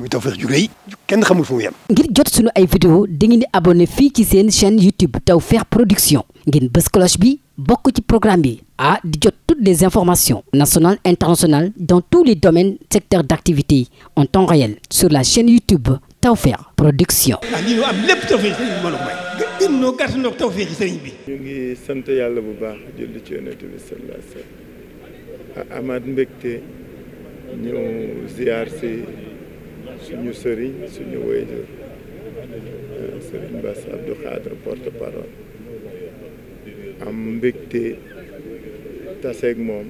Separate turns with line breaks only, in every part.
muy Tawfekh ju rëy kenn xamul fu mu yem.
ngir jot sunu ay vidéo dangeen di abonné fii ci seen chaîne YouTube Tawfekh Production ngeen bës bi bokk ci programme bi a di jot toutes les informations nationales internationales dans tous les domaines secteurs d'activité en temps réel sur la chaîne YouTube Tawfekh Production.
ah lii am lépp Tawfekh sëriñ bi may. bi. ñu ngi sant yàlla bu baax jël ci yonent bi amaat mbégte ñëw ziar si. suñu sëriñ suñu wéyjur euh, sëriñ Bass Abdou Khadre porte parole am mbégte taseeg moom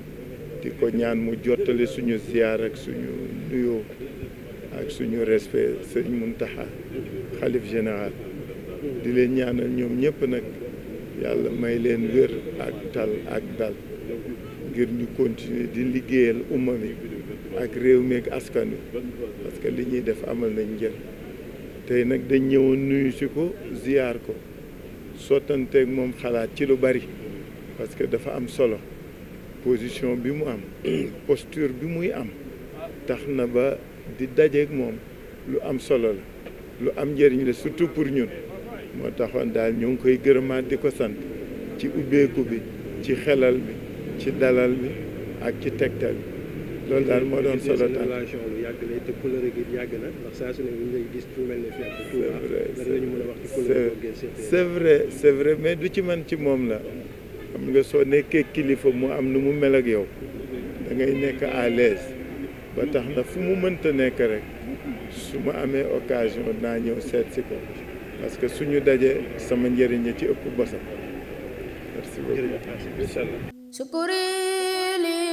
di ko ñaan mu jottale suñu ziar ak suñu nuyoo ak suñu respect sëriñ Muntaxa xalif général di leen ñaanal ñoom ñëpp nag yàlla may leen wér ak tal ak dal ngir ñu continuer di liggéeyal umma ak réew mi ak askan wi parce que li ñuy def amal nañu njëriñ tey nag dañ ñëwoon nuyu si ko ziyaar ko sottanteeg moom xalaat ci lu bari parce que dafa am solo position bi mu am posture bi muy am tax na ba di dajeeg moom lu am solo la lu am njëriñ la surtout pour ñun moo taxoon daal ñu ngi koy gërëmaat di ko sant ci ubbeeku bi ci xelal bi ci dalal bi ak ci tegtal bi loolu daal moo doon solo tam relation bu yàgg la te couleur gi yàgg na ndax saa gis lu mel ne fii ak wax ci couleur c'est vrai c'est vrai mais du ci man ci moom la xam nga soo nekkee kilifa mu am nu mu mel yow da ngay nekk à l'aise ba tax na fu mu mënta nekk rek su ma amee occasion naa ñëw seet si ko parce que suñu dajee sama njëriñ ci ëpp bosam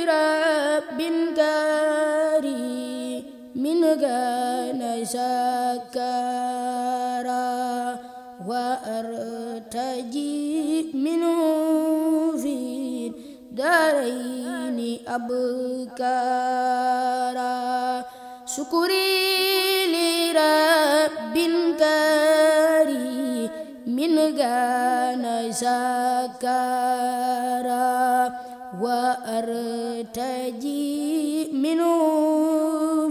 رب كريم كان شكارا وأرتجي منه في الدارين أبكارا شكري لرب كريم كان شكارا وأرتجي منه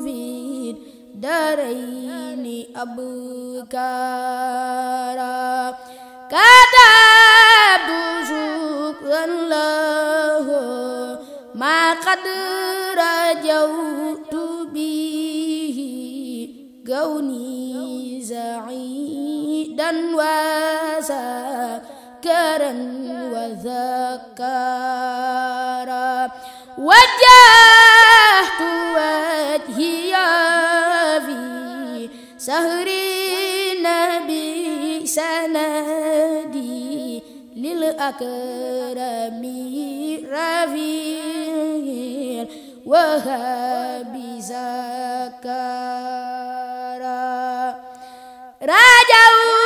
في الدارين أبكارا كتبت شكرا له ما قد رجوت به كوني سعيدا ذكرا وذكرا وجهت وجهي في سهر النبي سندي للأكرم رفيع وهب زكرا رجعوا